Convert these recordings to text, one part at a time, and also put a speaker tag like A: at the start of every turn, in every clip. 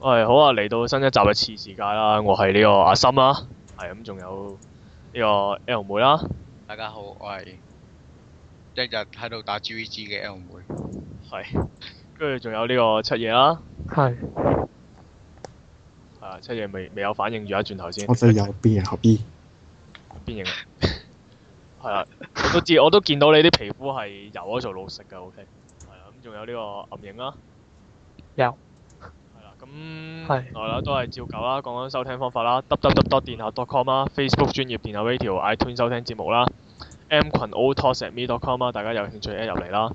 A: 喂、哎，好啊！嚟到新一集嘅次世界啦，我係呢個阿森啦，
B: 係咁仲有
A: 呢個 L 妹啦。
B: 大家好，我係一日喺度打 G V G 嘅 L 妹。係、
A: 啊。跟住仲有呢個七夜啦。係。係啊，七夜未未有反應住一轉頭先。我最右邊，邊係合衣。邊型？係啊， 啊都知我都見到你啲皮膚係由咗做老色噶，O K。係、okay、啊，咁仲有呢個暗影啦。
C: 有。Yeah. 咁係
A: 來啦，都係照舊啦。講緊收聽方法啦得得得得，dot com 啦 Facebook 專業電台 Radio iTunes 收聽節目啦，M 群 o l t o s s a t m e c o m 啊，大家有興趣 at 入嚟啦。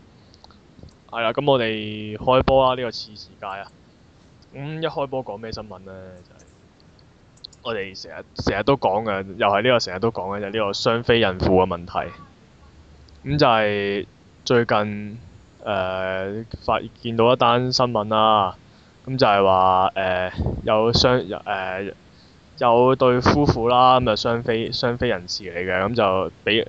A: 係啦，咁我哋開波啦，呢個次時界啊。咁、嗯、一開波講咩新聞呢？就係、是、我哋成日成日都講嘅，又係呢個成日都講嘅，就係、是、呢個雙非孕婦嘅問題。咁就係最近誒、呃、發見到一單新聞啦、啊。咁就係話誒有雙誒、呃、有對夫婦啦，咁就雙非雙非人士嚟嘅，咁、嗯、就俾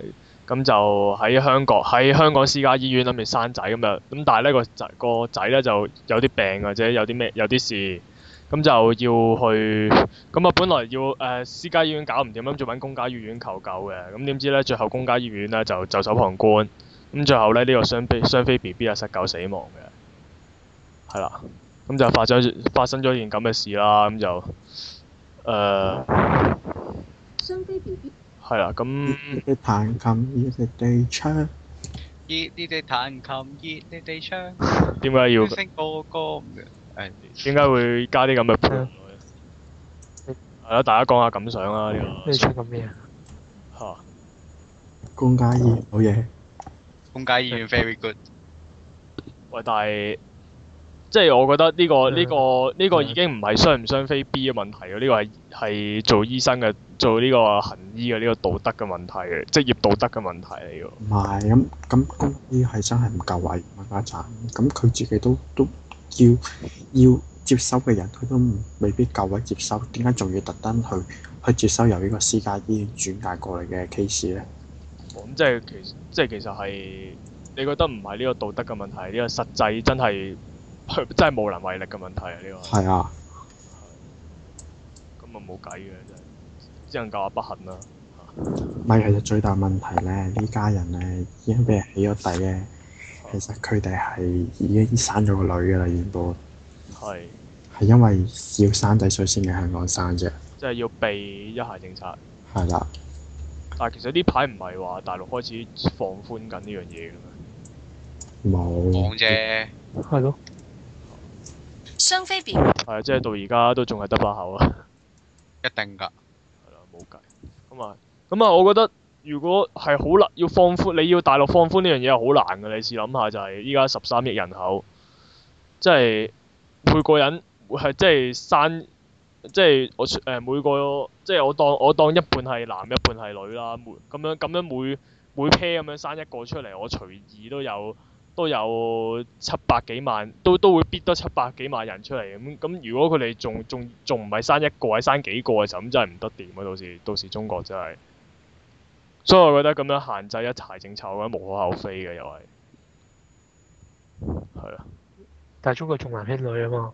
A: 咁、嗯、就喺香港喺香港私家醫院啦，諗住生仔咁就咁，但係呢個仔個仔呢，就有啲病或者有啲咩有啲事，咁、嗯、就要去咁啊、嗯！本來要誒、呃、私家醫院搞唔掂，咁就揾公家醫院求救嘅，咁、嗯、點知呢？最後公家醫院呢，就袖手旁觀，咁、嗯、最後呢，呢、這個雙非雙非 B B 啊失救死亡嘅，係啦。咁就發生發生咗件咁嘅事啦，咁就誒，
B: 雙飛 B B，
D: 係啦，咁一彈琴，一地槍，一
B: 一地彈琴，一地槍，點解要歌歌咁樣？
A: 誒，點解會加啲咁嘅？係啦，大家講下感想啊！呢個你唱
D: 緊咩啊？嚇？公家醫院，好嘢。
B: 公家醫院 very good。
A: 喂，但係。即係我覺得呢個呢個呢個已經唔係雙唔雙非 B 嘅問題咯，呢個係係做醫生嘅做呢個行醫嘅呢個道德嘅問題，職業道德嘅問題嚟嘅。
D: 唔係咁咁，公立醫，係真係唔夠位，慢慢賺咁，佢自己都都要要接收嘅人，佢都未必夠位接收。點解仲要特登去去接收由呢個私家醫院轉介過嚟嘅 case 咧？
A: 咁即係其即係其實係你覺得唔係呢個道德嘅問題，呢個實際真係。真係無能為力嘅問題啊！呢個係啊，咁啊冇計嘅，真係只能夠話下不幸啦、啊。
D: 咪其實最大問題咧，呢家人咧已經俾人起咗底咧。哦、其實佢哋係已經生咗個女噶啦，原本係係因為要生仔所以先喺香港生啫，即
A: 係、啊、要，要避一孩政策係啦。啊、但係其實呢排唔係話大陸開始放寬緊呢樣
D: 嘢嘅咩？冇
B: 講
C: 啫，係咯、嗯。
A: 雙非變係即係到而家都仲係得把口啊！一定噶，係啦， 冇計。咁啊，咁啊，我覺得如果係好難，要放寬，你要大陸放寬呢樣嘢係好難噶。你試諗下，就係依家十三億人口，即、就、係、是、每個人係即係生，即係我誒、呃、每個，即係我當我當一半係男，一半係女啦，咁樣咁樣每每 pair 咁樣生一個出嚟，我隨意都有。都有七百幾萬，都都會逼得七百幾萬人出嚟咁。咁、嗯嗯、如果佢哋仲仲仲唔係生一個啊，生幾個嘅時候，咁、嗯、真係唔得掂啊！到時到時中國真係，所以我覺得咁樣限制一齊政策，我覺得無可厚
C: 非嘅又係。係啊。但係中國重男輕女啊嘛。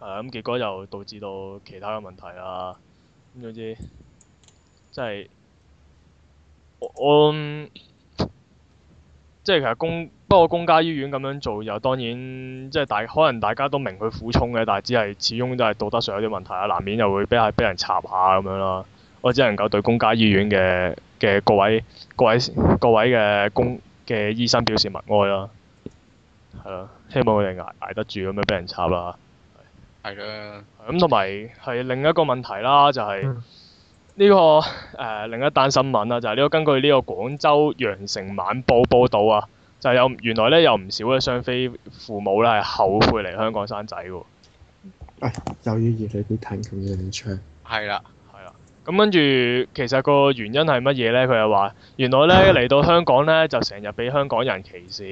A: 係啊、嗯，咁、嗯、結果又導致到其他嘅問題啦。咁、嗯、總之，真嗯、即係我我即係其實公。不過公家醫院咁樣做又當然即係大可能大家都明佢苦衷嘅，但係只係始終都係道德上有啲問題啊，難免又會俾係俾人插下咁樣啦。我只能夠對公家醫院嘅嘅各位各位各位嘅公嘅醫生表示默哀啦。係咯，希望佢哋捱捱得住咁樣俾人插啦。
B: 係啦的。
A: 咁同埋係另一個問題啦，就係、是、呢、這個誒、呃、另一單新聞啦、啊，就係、是、呢、這個根據呢個《廣州羊城晚報》報道啊。就有原來咧，有唔少嘅雙非父母咧，係後悔嚟香港生
D: 仔喎。誒、哎，又熱氣啲彈琴又唔唱。
A: 係啦，係啦。咁跟住，其實個原因係乜嘢咧？佢又話，原來咧嚟、嗯、到香港咧，就成日俾香港人歧視。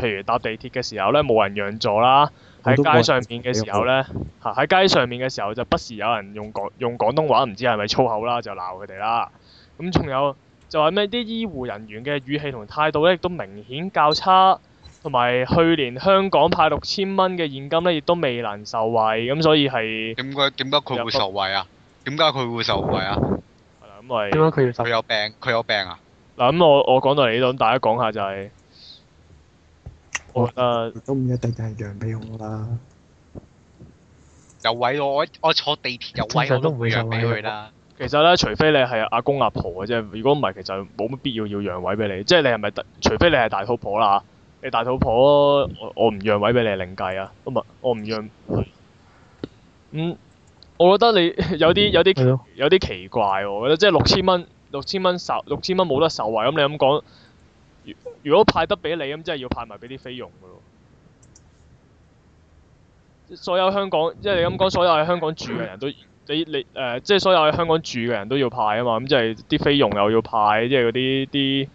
A: 譬如搭地鐵嘅時候咧，冇人讓座啦。喺街上面嘅時候咧，嚇喺、嗯、街上面嘅時候就不時有人用廣用廣東話唔知係咪粗口啦，就鬧佢哋啦。咁、嗯、仲有。就係咩啲醫護人員嘅語氣同態度咧，亦都明顯較差，同埋去年香港派六千蚊嘅現金咧，亦都未能受惠，咁所以係點解點解佢會受惠
B: 啊？點解佢會受惠啊？係啦、嗯，咁咪點解佢要佢有病，佢有病啊！
A: 嗱、嗯，咁、嗯、我我講到嚟呢度，大家講下就係、是、我覺得都唔一定就係讓俾我啦。
B: 有位我我坐地鐵有位我都唔會讓俾佢啦。
A: 其實咧，除非你係阿公阿婆嘅啫，如果唔係，其實冇乜必要要讓位俾你。即係你係咪除非你係大肚婆啦，你大肚婆，我唔讓位俾你另計啊！唔咪，我唔讓。咁、嗯，我覺得你有啲有啲有啲奇怪喎、啊！即係六千蚊，六千蚊六千蚊冇得受惠。咁你咁講，如果派得俾你，咁即係要派埋俾啲菲傭噶咯。所有香港，即係你咁講，所有喺香港住嘅人都。你你誒，即、呃、係、就是、所有喺香港住嘅人都要派啊嘛，咁即係啲菲傭又要派，即係嗰啲啲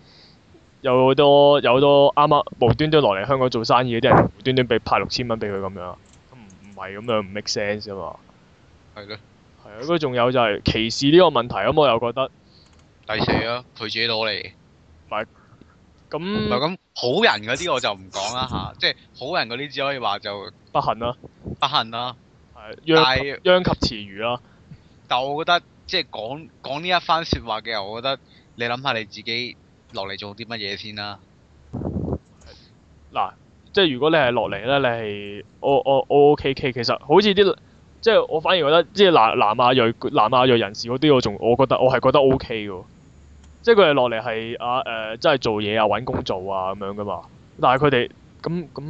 A: 有好多有好多啱啱無端端落嚟香港做生意嘅啲人，無端端俾派六千蚊俾佢咁樣，唔唔係咁樣唔 make sense 啊嘛。係嘅
B: 是的，係啊，
A: 咁仲有就係歧視呢個問題啊、嗯，我又覺得。
B: 第四啊，佢自己攞嚟。咁那。唔係咁好人嗰啲我就唔講啦吓，即、啊、係、就是、好人嗰啲只可以話就不幸啦、啊，不幸啦、啊。殃及池魚咯，但我覺得即係講講呢一番説話嘅我覺得你諗下你自己落嚟做啲乜嘢先啦。嗱，
A: 即係如果你係落嚟咧，你係我我我 OK K，OK，其實好似啲即係我反而覺得即係南南亞裔南亞裔人士嗰啲，我仲我覺得我係覺得 OK 嘅喎。即係佢哋落嚟係啊誒，即係做嘢啊，揾、呃、工做啊咁樣噶嘛。但係佢哋咁咁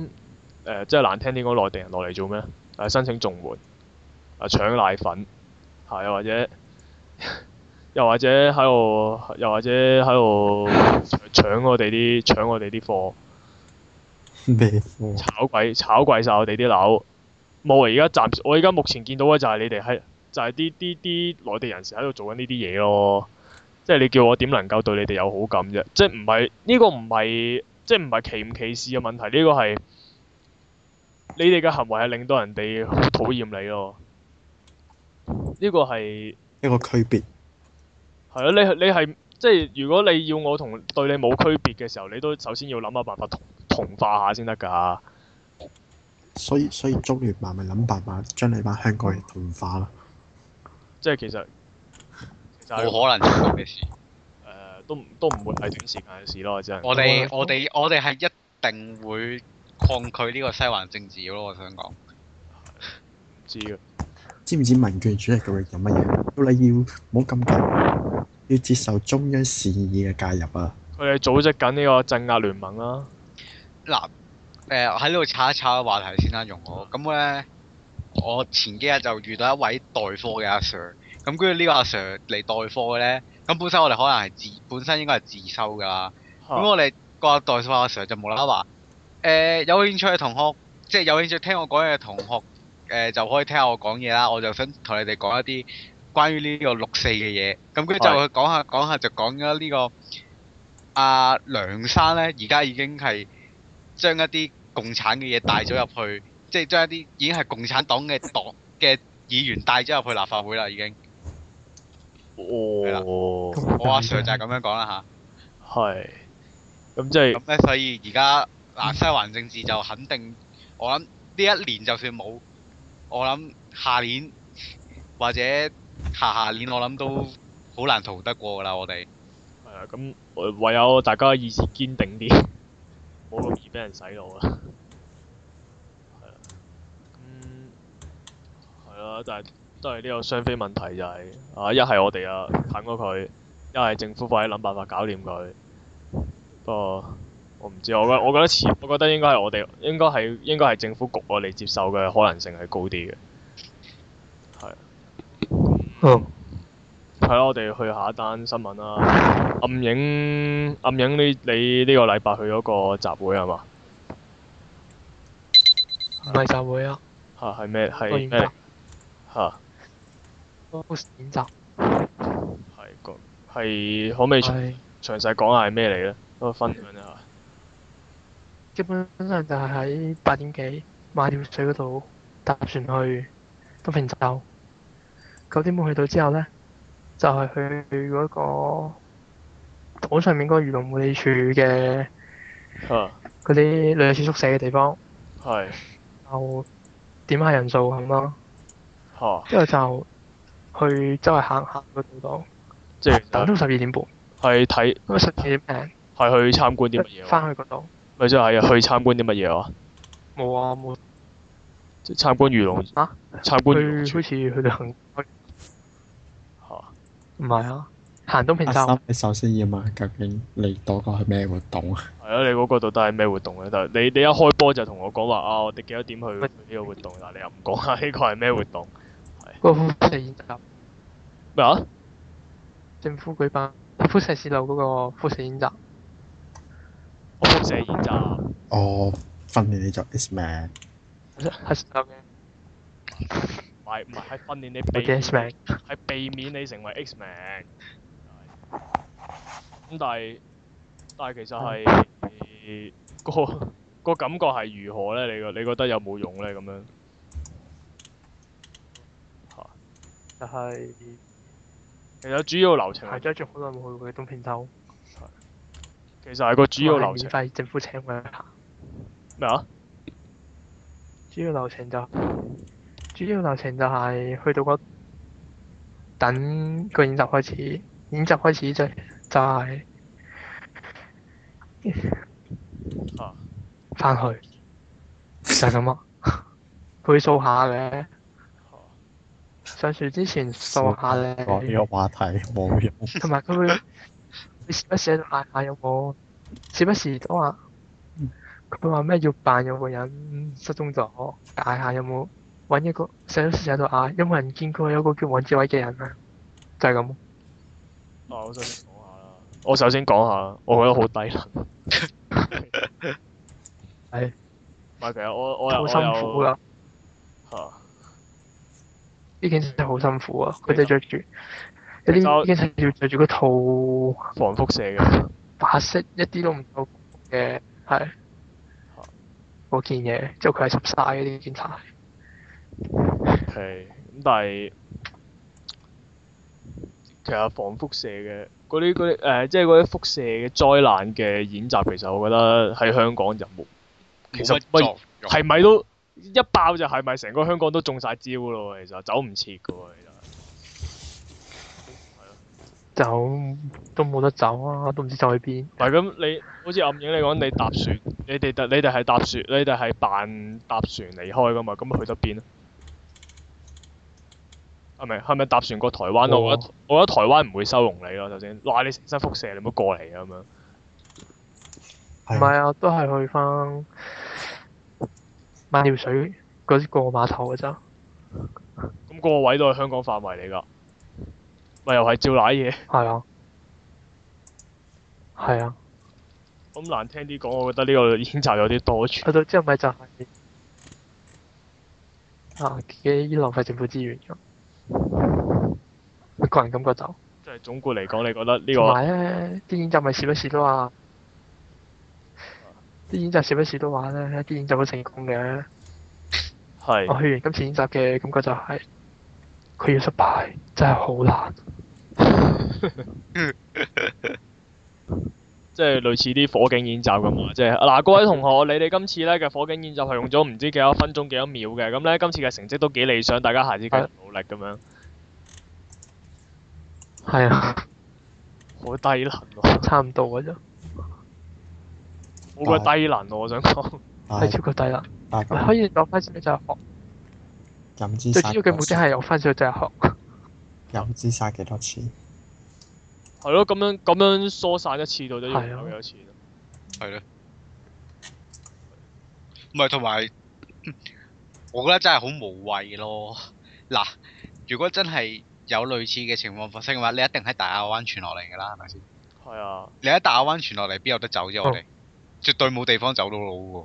A: 誒，即係、呃、難聽啲講內地人落嚟做咩？誒申請綜援，誒搶奶粉，嚇又或者，又或者喺度，又或者喺度搶，搶我哋啲搶我哋啲貨，
D: 咩？ 炒
A: 鬼、炒貴晒我哋啲樓，冇啊！而家暫，我而家目前見到嘅就係你哋喺，就係啲啲啲內地人士喺度做緊呢啲嘢咯，即係你叫我點能夠對你哋有好感啫？即係唔係呢個唔係，即係唔係歧唔歧視嘅問題？呢、呢個係。你哋嘅行為係令到人哋好討厭你咯，呢個係
D: 一個區別。
A: 係啊。你你係即係，如果你要我同對你冇區別嘅時候，你都首先要諗下辦法同同化下先得㗎。所以
D: 所以，中聯慢慢諗辦法將你班香港人同化啦。
A: 即係其實冇可能
B: 嘅事。誒、呃，都都唔會係短時間嘅事咯，真係們。我哋我哋我哋係一定會。抗拒呢個西環政治咯、啊，我想講。 知道
D: 知唔知民權主義究竟有乜嘢？你要唔好咁緊要接受中央善意嘅介入啊！
B: 我哋組織緊呢個鎮壓聯盟啦、啊。嗱、啊，誒喺呢度炒一炒話題先啦、啊，容我。咁咧，我前幾日就遇到一位代課嘅阿 Sir，咁跟住呢個阿 Sir 嚟代課咧，咁本身我哋可能係自本身應該係自修㗎啦。咁、啊、我哋個代課阿 Sir 就冇啦啦話。誒、呃，有興趣嘅同學，即係有興趣聽我講嘢嘅同學，誒、呃，就可以聽下我講嘢啦。我就想同你哋講一啲關於呢個六四嘅嘢。咁佢就講下講下，的講下就講咗、這個啊、呢個阿梁生咧，而家已經係將一啲共產嘅嘢帶咗入去，嗯、即係將一啲已經係共產黨嘅黨嘅議員帶咗入去立法會啦，已經。哦。我阿、啊、Sir 就係咁樣講啦吓。係。咁即係。咁咧，所以而家。嗱、啊，西環政治就肯定，我諗呢一年就算冇，我諗下年或者下下年，我諗都好難逃得過噶啦，我哋。係啊，咁
A: 唯有大家意志堅定啲，
B: 冇 咁易俾人洗腦啊。
A: 係、嗯、啊，咁係啊，但係都係呢個雙非問題就係、是，啊一係我哋啊狠過佢，一係政府快啲諗辦法搞掂佢，不過。我唔知，我覺得，我覺得我覺得應該係我哋應該係應該係政府局我哋接受嘅可能性係高啲嘅。係。嗯。係咯，我哋去下一單新聞啦。暗影，暗影，呢你呢個禮拜去咗個集會係嘛？
C: 唔係集會啊。
A: 嚇係咩？係咩？
C: 嚇。都選擇。
A: 係個係可唔可以詳細講下係咩嚟呢？個分享。
C: 基本上就係喺八點幾馬料水嗰度搭船去東平洲，九點半去到之後呢，就係、是、去嗰個島上面嗰個漁農管理處嘅，嗰啲臨時宿舍嘅地方，係是，就點下人數咁咯，
A: 哦、啊，之後
C: 就去周圍行行嗰度，即
A: 係是等到十二
C: 點半，
A: 係睇看，十二點係去參觀啲乜嘢，
C: 返去嗰度。
A: 咪就係去參觀啲乜嘢啊？
C: 冇啊，冇。
A: 參觀魚龍。
C: 啊？參觀魚龍。去好似去到行。吓？唔係啊，行東平山。
D: 啊、你首先要問，究竟你多個係咩活動
C: 啊？係啊，你嗰
A: 個到底係咩活動咧？但係你你一開波就同我講話啊，我哋幾多點去呢個活動？嗱，你又唔講下呢個係咩活動？富士演習。咩
C: 啊？政府舉辦？富士市樓嗰個富士演習。射
D: 箭。我訓練你做 Xman。
C: 得，得
A: 嘅。唔係唔係，係訓練你避 Xman，係避免你成為 Xman。咁但係，但係其實係個個感覺係如何咧？你個你覺得有冇用咧？咁樣。
C: 就係。
A: 其實主要流程。係
C: 真係好耐冇去過東平洲。其實係個主要、啊、主要流程。免費政府請我行。咩啊？主要流程就主要流程就係去到、嗰個等個演習開始，演習開始就係、就係哦翻去就咁啊！佢數、就是、 下嘅上船之前數下你。講呢個話題冇用、嗰個。同埋佢會。你時不時喺度嗌下有冇？時不時都話佢話咩要扮有個人失蹤咗，嗌下有冇？揾一個，時不時喺度嗌，有冇人見過有個叫黃志偉嘅人啊？就係咁。啊，
A: 我首先講下，我，下 我覺得好低能。係。唔係其實我我又我
C: 又吓，呢 件事真係好辛苦啊！佢哋着住。 嗰啲警察要著住個套防輻射嘅白 色一，一啲都唔夠嘅係嗰件嘢，即係佢係濕晒。嗰啲警察。係，
A: 咁但係其實防輻射嘅嗰啲嗰啲誒，即係嗰啲輻射嘅災難嘅演習，其實我覺得喺香港就冇。
B: 其實唔係，係咪
A: 都一爆就係咪成個香港都中晒招咯？其實走唔切嘅喎。
C: 走都冇得走啊，都唔知走去邊。
A: 唔係咁，你好似暗影你講你搭船，你哋搭你哋係搭船，你哋係扮搭船離開噶嘛？咁去咗邊啊？係咪係咪搭船過台灣啊？哦、我覺得我覺得台灣唔會收容你咯，頭先，哇、呃！你成身輻射，你唔好過嚟啊咁樣
C: 是的。唔係啊，都係去翻萬條水嗰個碼頭嘅咋。
A: 咁是的 個位都喺香港範圍嚟㗎。咪又係照奶嘢。
C: 係啊，係啊。咁
A: 難聽啲講，我覺
C: 得呢個演習有啲多餘。嗰度之後咪就係、是、啊，自己浪費政府資源咁。個人感覺就是，
A: 即係總括嚟講，你覺得個、啊、呢個？同埋咧，
C: 啲演習咪時不時都話，啲演習時不時都玩咧，啲 演習好成功嘅。係是。我去完今次演習嘅感覺就係、是，佢要失敗真係好難。
A: 即係類似啲火警演習咁啊！即係嗱，啊，各位同學， 你哋今次咧嘅火警演習係用咗唔知幾多分鐘，幾多秒嘅，咁咧今次嘅成績都幾理想，大家下次繼續努力咁樣。
C: 係啊。好，啊，低能，啊。差唔多嘅啫。好鬼低
A: 能，啊，我想講。係是 超
C: 過低能。是可以攞翻少少債殼。最主要嘅目的係用翻少少債殼。又唔知嘥幾多次？
B: 係咯，咁、嗯、樣咁樣疏散一次到咗要幾多錢、啊嗯？係咯。係咯。唔係同埋，我覺得真係好無謂咯。嗱，如果真係有類似嘅情況發生嘅話，就是、你一定喺大亞灣傳落嚟㗎啦，係咪先？係啊你。你喺大亞灣傳落嚟，邊有得走啫、啊？Oh. 我哋絕對冇地方走到佬喎。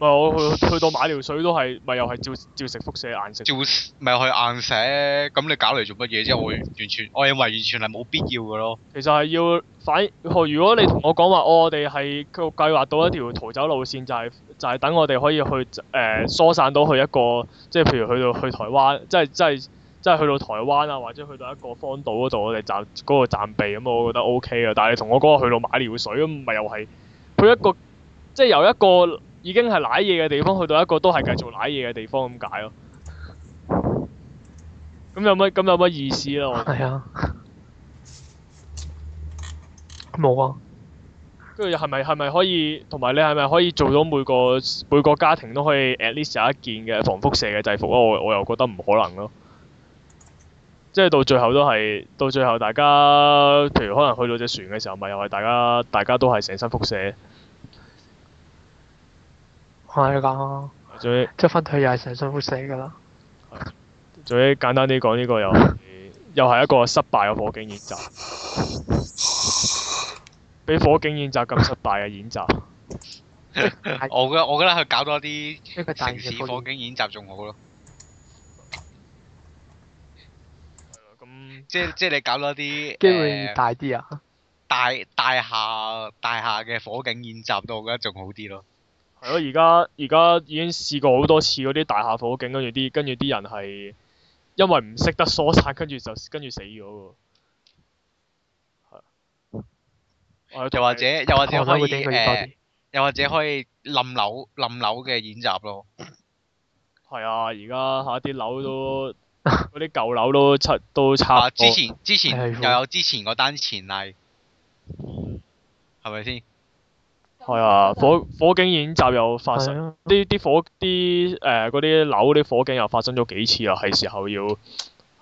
A: 咪我去去到馬料水都係，咪又係照照食
B: 輻射硬食。照，咪係硬食。咁你搞嚟做乜嘢啫？我完全，我認為完全係冇必要嘅咯。
A: 其實係要反，如果你同我講話、哦，我哋係佢計劃到一條逃走路線、就係，就係就係等我哋可以去誒、呃、疏散到去一個，即係譬如去到去台灣，即係即係即係去到台灣啊，或者去到一個荒島嗰度，我哋站嗰、嗰個站避咁、嗯，我覺得 O K 啊。但係你同我講去到馬料水咁，咪又係去一個，即係由一個。已經係瀨嘢嘅地方，去到一個都係繼續瀨嘢嘅地方咁解咯。咁有乜咁有乜意思啦、啊 啊？我
C: 係啊。冇啊 。
A: 跟住係咪係咪可以同埋你係咪可以做到每個每個家庭都可以 at least 有一件嘅防輻射嘅制服啊？我我又覺得唔可能咯、啊。即、就、係、係、到最後都係到最後，大家譬如可能去到隻船嘅時候，咪又係大家大家都係成身輻射。
C: 係啦，即係翻去又係成身攰死噶啦。
A: 最 簡單啲講，呢、這個又 又係一個失敗嘅火警演習， 比火警演習更失敗嘅演習。
B: 我覺得，我覺得去搞多啲城市火警演習仲好咯。咁 即係即係你搞多啲機會大啲啊？大大廈大廈嘅火警演習，都我覺得仲好啲咯。
A: 係咯，而家而家已經試過好多次嗰啲大廈火警，跟住啲跟住啲人係因為唔識得疏散，跟住就跟住死咗
B: 喎。係、啊。又或者，又或者可以、呃、又或者可以冧樓冧樓嘅演習咯。係 啊，而家下啲樓都嗰啲舊
A: 樓都拆都差、啊。之前之前 又
B: 有之前嗰單前例，係咪先？
A: 係啊，火火警演習又發生，呢啲、啊、火啲誒嗰啲樓啲火警又發生咗幾次啊！係時候要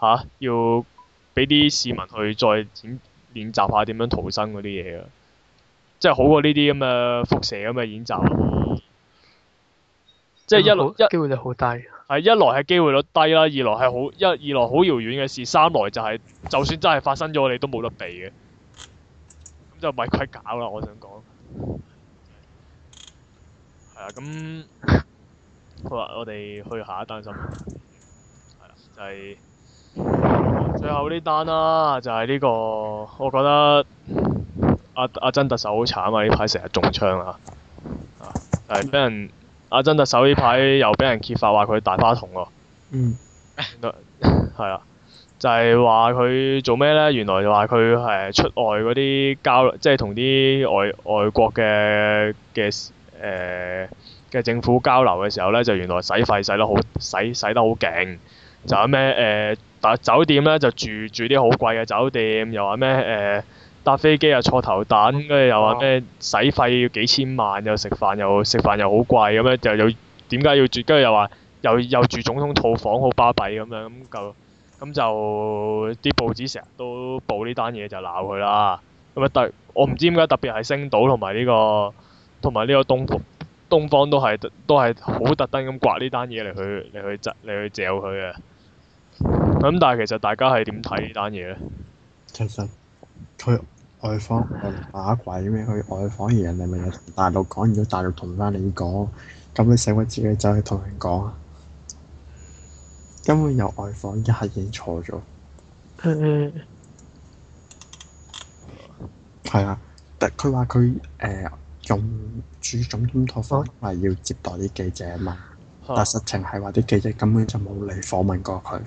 A: 吓、啊，要俾啲市民去再演習下點樣逃生嗰啲嘢啊！即係好過呢啲咁嘅輻射咁嘅演習。嗯、即
C: 係一路，好一機會率好低。
A: 係一來係機會率低啦，二來係好一，二來好遙遠嘅事，三來就係、是、就算真係發生咗，你都冇得避嘅。咁就咪鬼搞啦！我想講。係啊，咁好啦，我哋去下一單新聞。係、就係、啊，就係最後呢單啦，就係呢個，我覺得阿阿曾特首好慘啊！呢排成日中槍啊，啊，誒，俾人阿曾特首呢排又俾人揭發話佢大花筒
C: 喎、
A: 啊。嗯。係啊，就係話佢做咩呢？原來話佢係出外嗰啲交流，即係同啲外外國嘅嘅。誒嘅、呃、政府交流嘅時候咧，就原來使費使得好使使得好勁，就話咩誒，酒店咧就住住啲好貴嘅酒店，又話咩誒，搭、呃、飛機又坐頭等，跟住又話咩使費要幾千萬，又食飯又食飯又食飯又好貴咁樣，就又點解要住，跟住又話又又住總統套房好巴閉咁樣，咁就咁就啲報紙成日都報呢單嘢就鬧佢啦，咁啊特我唔知點解特別係星島同埋呢個。同埋呢個東方，東方都係都係好特登咁刮呢單嘢嚟去嚟去摘嚟去嚼佢嘅。咁、嗯、但係其實大家係點睇呢單嘢咧？
D: 其實佢外訪打鬼咩？佢外訪而人哋咪有同大陸講，如果大陸同翻你講，咁你使乜自己走去同人講？根本由外訪一係已經錯咗。係 啊，但佢話佢誒。呃用主總統套房嚟要接待啲記者啊嘛，但實情係話啲記者根本就冇嚟訪問過佢。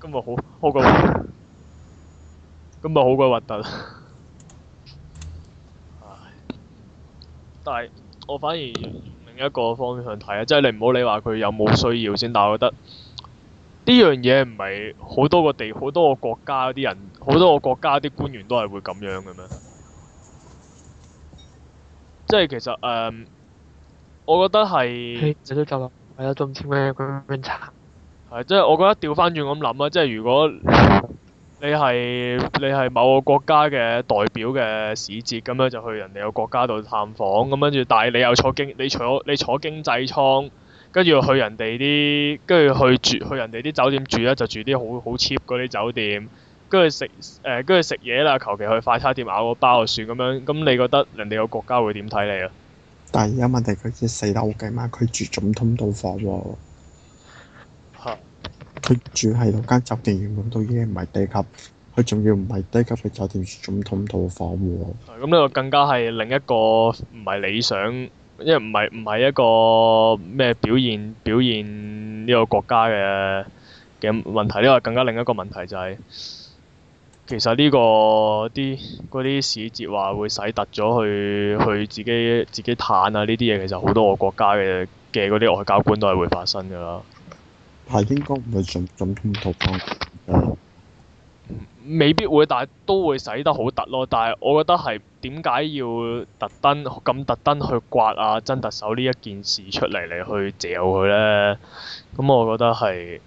A: 咁咪好好鬼，咁咪好鬼核突啊！ 但係我反而另一個方向睇啊，即係你唔好理話佢有冇需要先，但係我覺得呢樣嘢唔係好多個地好多個國家啲人，好多個國家啲官員都係會咁樣嘅咩？即係其實誒，um，我覺得係，
C: 係都得咯，係 啊樂，仲黐咩嗰邊查？
A: 係即係我覺得調翻轉咁諗啊！即係如果你係你係某個國家嘅代表嘅使節咁樣就去人哋個國家度探訪咁跟住，但係你又坐經你坐你坐經濟艙，跟住去人哋啲跟住去住去人哋啲酒店住咧，就住啲好好 cheap 嗰啲酒店。跟住食誒，跟住食嘢啦。求、呃、其去快餐店咬個包就算咁樣。咁你覺得人哋個國家會點睇你啊？
D: 但係而家問題佢只四樓計嘛？佢住總統套房喎，哦，佢，啊、住喺嗰間酒店原本都已經唔係低級，佢仲要唔係低級嘅酒店住總統套房喎，
A: 哦。咁呢個更加係另一個唔係理想，因為唔係唔係一個咩表現表現呢個國家嘅嘅問題。呢個更加另一個問題就係，是。其實呢、這個啲嗰啲使節話會洗突咗去去自己自己攤啊！呢啲嘢其實好多個國家嘅嘅嗰啲外交官都係會發生噶
D: 啦。係應該唔係總總統
A: 未必會，但係都會洗得好突咯。但係我覺得係點解要特登咁特登去刮啊曾特首呢一件事出嚟嚟去嚼佢呢？咁我覺得係。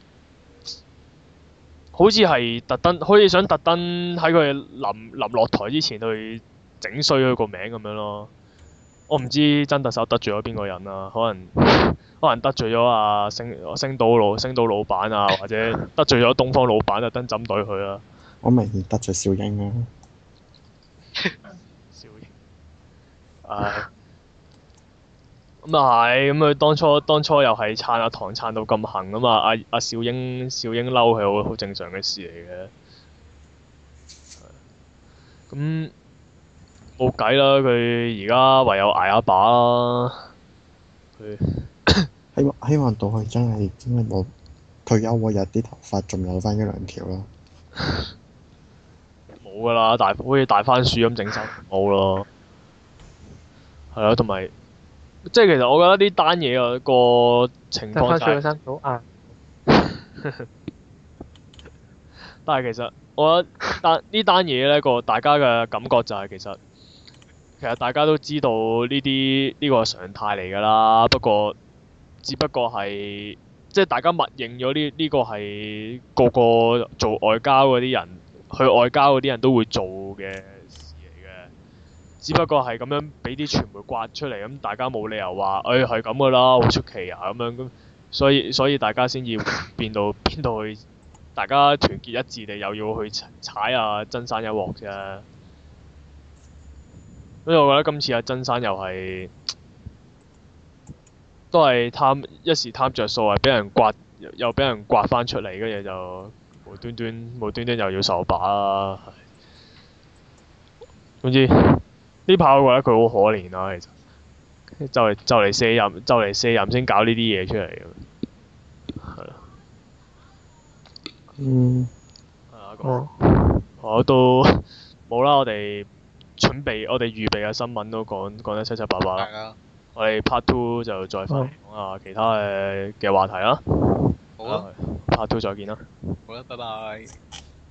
A: 好似係特登，好似想特登喺佢臨臨落台之前去整衰佢個名咁樣咯。我唔知曾特首得罪咗邊個人啊？可能可能得罪咗啊星星島老星島老闆啊，或者得罪咗東方老闆特登針對佢啊，
D: 我明得罪小英啊。小英，
A: 啊。咁啊係，咁佢當初當初又係撐阿唐撐到咁恆啊嘛，阿、啊、阿小英小英嬲佢好正常嘅事嚟嘅。咁冇計啦，佢而家唯有捱一把啦、啊。佢
D: 希望希望到佢真係真係冇退休嗰日啲頭髮仲有翻一兩條啦。
A: 冇噶、嗯、啦，大好似大番薯咁整晒，冇咯。係啊，同埋。即係其實我覺得呢單嘢個
C: 情況就 但係
A: 其實我覺得，但呢單嘢咧個大家嘅感覺就係其實其實大家都知道呢啲呢個常態嚟㗎啦，不過只不過係即係大家默認咗呢，呢個係個個做外交嗰啲人去外交嗰啲人都會做嘅。只不過係咁樣俾啲傳媒刮出嚟，咁大家冇理由話，誒係咁噶啦，好出奇啊咁樣咁，所以所以大家先至變到邊度去？大家團結一致地又要去踩，踩啊，真山一鑊啫。所以我覺得今次啊，真山又係都係貪一時貪著數啊，俾人刮又又俾人刮翻出嚟，跟住就無端端無端端又要受把啦、啊。總之。呢排我覺得佢好可憐啊，其實就，就嚟就嚟卸任，就嚟卸任先搞呢啲嘢出嚟咁。嗯。
C: 係、啊啊
A: 啊、我都冇啦，我哋準備我哋預備嘅新聞都講講得七七八八啦。的我哋 part two 就再翻嚟講下其他嘅嘅話題啦。好啦的、啊、part two 再見啦。
B: 好啦，拜拜。